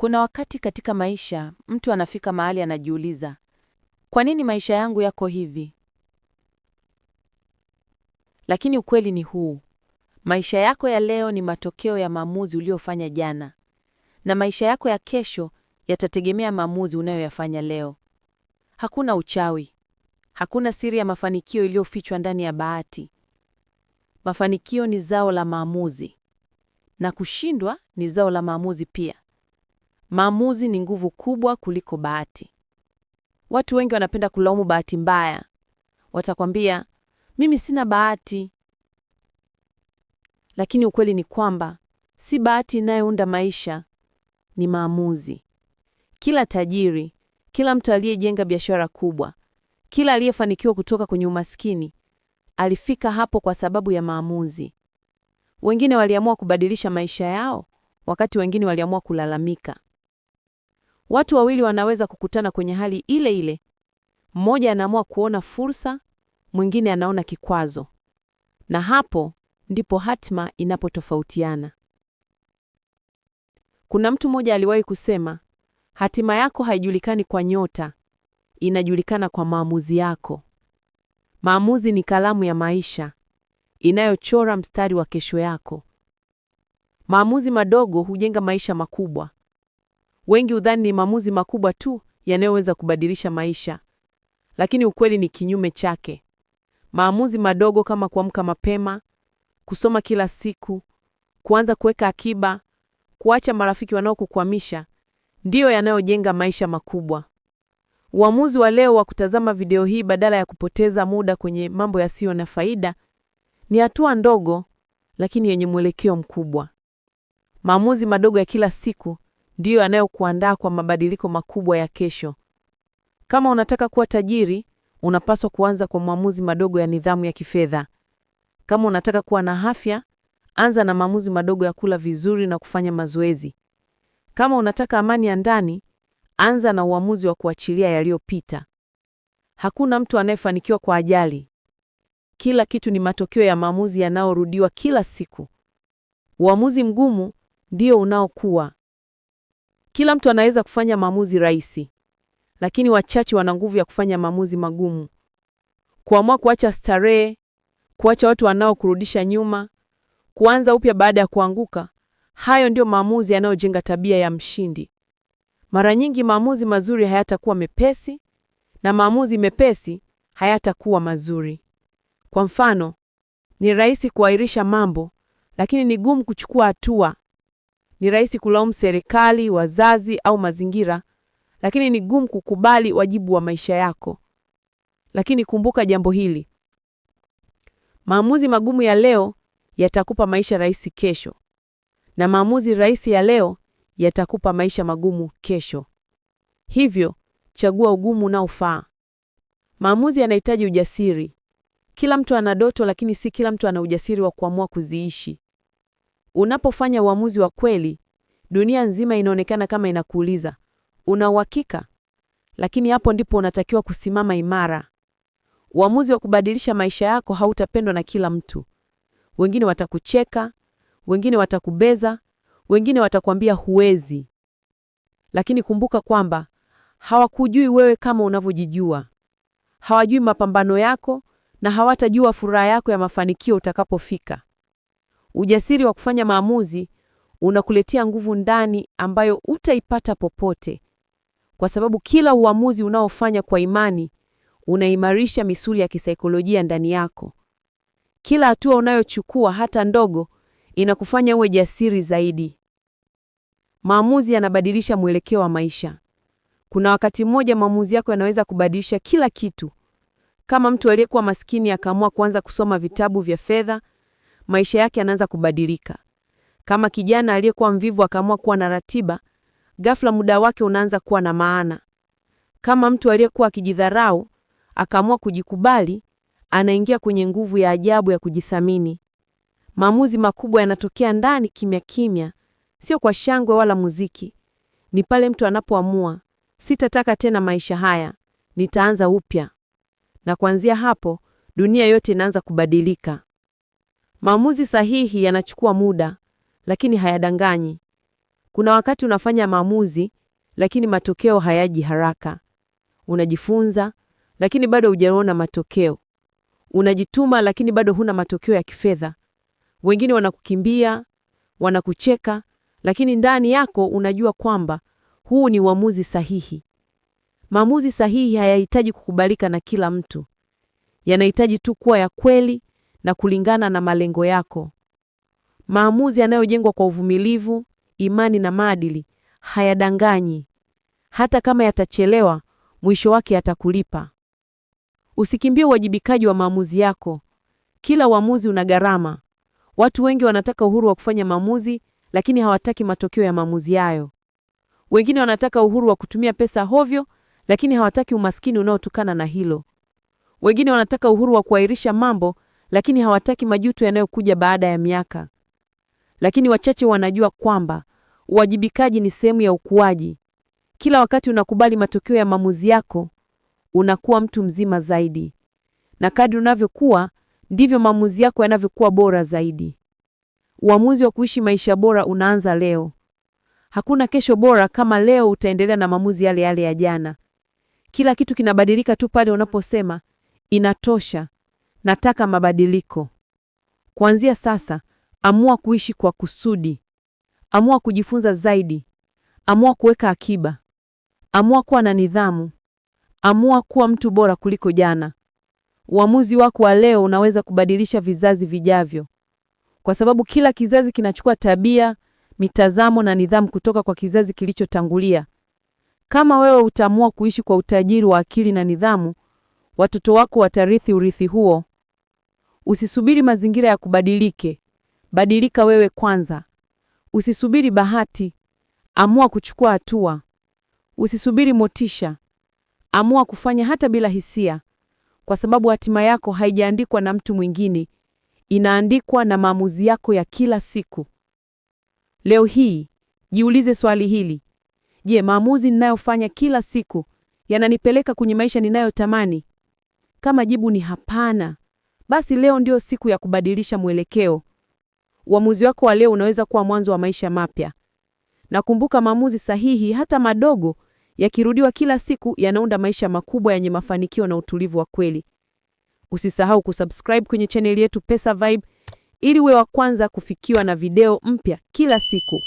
Kuna wakati katika maisha mtu anafika mahali anajiuliza, kwa nini maisha yangu yako hivi? Lakini ukweli ni huu: maisha yako ya leo ni matokeo ya maamuzi uliofanya jana, na maisha yako ya kesho yatategemea maamuzi unayoyafanya leo. Hakuna uchawi, hakuna siri ya mafanikio iliyofichwa ndani ya bahati. Mafanikio ni zao la maamuzi, na kushindwa ni zao la maamuzi pia. Maamuzi ni nguvu kubwa kuliko bahati. Watu wengi wanapenda kulaumu bahati mbaya. Watakwambia, mimi sina bahati. Lakini ukweli ni kwamba si bahati inayounda maisha, ni maamuzi. Kila tajiri, kila mtu aliyejenga biashara kubwa, kila aliyefanikiwa kutoka kwenye umaskini alifika hapo kwa sababu ya maamuzi. Wengine waliamua kubadilisha maisha yao, wakati wengine waliamua kulalamika. Watu wawili wanaweza kukutana kwenye hali ile ile. Mmoja anaamua kuona fursa, mwingine anaona kikwazo, na hapo ndipo hatima inapotofautiana. Kuna mtu mmoja aliwahi kusema, hatima yako haijulikani kwa nyota, inajulikana kwa maamuzi yako. Maamuzi ni kalamu ya maisha inayochora mstari wa kesho yako. Maamuzi madogo hujenga maisha makubwa, Wengi udhani ni maamuzi makubwa tu yanayoweza kubadilisha maisha, lakini ukweli ni kinyume chake. Maamuzi madogo kama kuamka mapema, kusoma kila siku, kuanza kuweka akiba, kuacha marafiki wanaokukwamisha, ndiyo yanayojenga maisha makubwa. Uamuzi wa leo wa kutazama video hii badala ya kupoteza muda kwenye mambo yasiyo na faida ni hatua ndogo, lakini yenye mwelekeo mkubwa. Maamuzi madogo ya kila siku ndiyo yanayokuandaa kwa mabadiliko makubwa ya kesho. Kama unataka kuwa tajiri, unapaswa kuanza kwa maamuzi madogo ya nidhamu ya kifedha. Kama unataka kuwa na afya, anza na maamuzi madogo ya kula vizuri na kufanya mazoezi. Kama unataka amani ya ndani, anza na uamuzi wa kuachilia yaliyopita. Hakuna mtu anayefanikiwa kwa ajali. Kila kitu ni matokeo ya maamuzi yanayorudiwa kila siku. Uamuzi mgumu ndio unaokuwa kila mtu anaweza kufanya maamuzi rahisi, lakini wachache wana nguvu ya kufanya maamuzi magumu. Kuamua kuacha starehe, kuacha watu wanaokurudisha nyuma, kuanza upya baada ya kuanguka, hayo ndiyo maamuzi yanayojenga tabia ya mshindi. Mara nyingi maamuzi mazuri hayatakuwa mepesi na maamuzi mepesi hayatakuwa mazuri. Kwa mfano, ni rahisi kuahirisha mambo, lakini ni gumu kuchukua hatua ni rahisi kulaumu serikali, wazazi au mazingira, lakini ni gumu kukubali wajibu wa maisha yako. Lakini kumbuka jambo hili: maamuzi magumu ya leo yatakupa maisha rahisi kesho, na maamuzi rahisi ya leo yatakupa maisha magumu kesho. Hivyo chagua ugumu unaofaa. Maamuzi yanahitaji ujasiri. Kila mtu ana ndoto, lakini si kila mtu ana ujasiri wa kuamua kuziishi. Unapofanya uamuzi wa kweli, dunia nzima inaonekana kama inakuuliza, una uhakika? Lakini hapo ndipo unatakiwa kusimama imara. Uamuzi wa kubadilisha maisha yako hautapendwa na kila mtu. Wengine watakucheka, wengine watakubeza, wengine watakwambia huwezi. Lakini kumbuka kwamba hawakujui wewe kama unavyojijua. Hawajui mapambano yako na hawatajua furaha yako ya mafanikio utakapofika. Ujasiri wa kufanya maamuzi unakuletea nguvu ndani ambayo utaipata popote, kwa sababu kila uamuzi unaofanya kwa imani unaimarisha misuli ya kisaikolojia ndani yako. Kila hatua unayochukua hata ndogo, inakufanya uwe jasiri zaidi. Maamuzi yanabadilisha mwelekeo wa maisha. Kuna wakati mmoja maamuzi yako yanaweza kubadilisha kila kitu, kama mtu aliyekuwa maskini akaamua kuanza kusoma vitabu vya fedha maisha yake yanaanza kubadilika. Kama kijana aliyekuwa mvivu akaamua kuwa na ratiba, ghafla muda wake unaanza kuwa na maana. Kama mtu aliyekuwa akijidharau akaamua kujikubali, anaingia kwenye nguvu ya ajabu ya kujithamini. Maamuzi makubwa yanatokea ndani kimya kimya, sio kwa shangwe wala muziki. Ni pale mtu anapoamua, sitataka tena maisha haya, nitaanza upya. Na kuanzia hapo dunia yote inaanza kubadilika. Maamuzi sahihi yanachukua muda, lakini hayadanganyi. Kuna wakati unafanya maamuzi, lakini matokeo hayaji haraka. Unajifunza, lakini bado hujaona matokeo. Unajituma, lakini bado huna matokeo ya kifedha. Wengine wanakukimbia, wanakucheka, lakini ndani yako unajua kwamba huu ni uamuzi sahihi. Maamuzi sahihi hayahitaji kukubalika na kila mtu, yanahitaji tu kuwa ya kweli na kulingana na malengo yako. Maamuzi yanayojengwa kwa uvumilivu, imani na maadili hayadanganyi. Hata kama yatachelewa, mwisho wake yatakulipa. Usikimbie uwajibikaji wa maamuzi yako. Kila uamuzi una gharama. Watu wengi wanataka uhuru wa kufanya maamuzi, lakini hawataki matokeo ya maamuzi hayo. Wengine wanataka uhuru wa kutumia pesa hovyo, lakini hawataki umaskini unaotokana na hilo. Wengine wanataka uhuru wa kuahirisha mambo, lakini hawataki majuto yanayokuja baada ya miaka. Lakini wachache wanajua kwamba uwajibikaji ni sehemu ya ukuaji. Kila wakati unakubali matokeo ya maamuzi yako, unakuwa mtu mzima zaidi, na kadri unavyokuwa ndivyo maamuzi yako yanavyokuwa bora zaidi. Uamuzi wa kuishi maisha bora unaanza leo. Hakuna kesho bora kama leo utaendelea na maamuzi yale yale ya jana. Kila kitu kinabadilika tu pale unaposema inatosha. Nataka mabadiliko. Kuanzia sasa, amua kuishi kwa kusudi. Amua kujifunza zaidi. Amua kuweka akiba. Amua kuwa na nidhamu. Amua kuwa mtu bora kuliko jana. Uamuzi wako wa leo unaweza kubadilisha vizazi vijavyo, kwa sababu kila kizazi kinachukua tabia, mitazamo na nidhamu kutoka kwa kizazi kilichotangulia. Kama wewe utaamua kuishi kwa utajiri wa akili na nidhamu, watoto wako watarithi urithi huo. Usisubiri mazingira ya kubadilike, badilika wewe kwanza. Usisubiri bahati, amua kuchukua hatua. Usisubiri motisha, amua kufanya hata bila hisia, kwa sababu hatima yako haijaandikwa na mtu mwingine, inaandikwa na maamuzi yako ya kila siku. Leo hii jiulize swali hili: je, maamuzi ninayofanya kila siku yananipeleka kwenye maisha ninayotamani? Kama jibu ni hapana, basi leo ndio siku ya kubadilisha mwelekeo. Uamuzi wako wa leo unaweza kuwa mwanzo wa maisha mapya. nakumbuka maamuzi sahihi, hata madogo, yakirudiwa kila siku, yanaunda maisha makubwa yenye mafanikio na utulivu wa kweli. Usisahau kusubscribe kwenye chaneli yetu Pesa Vibe ili uwe wa kwanza kufikiwa na video mpya kila siku.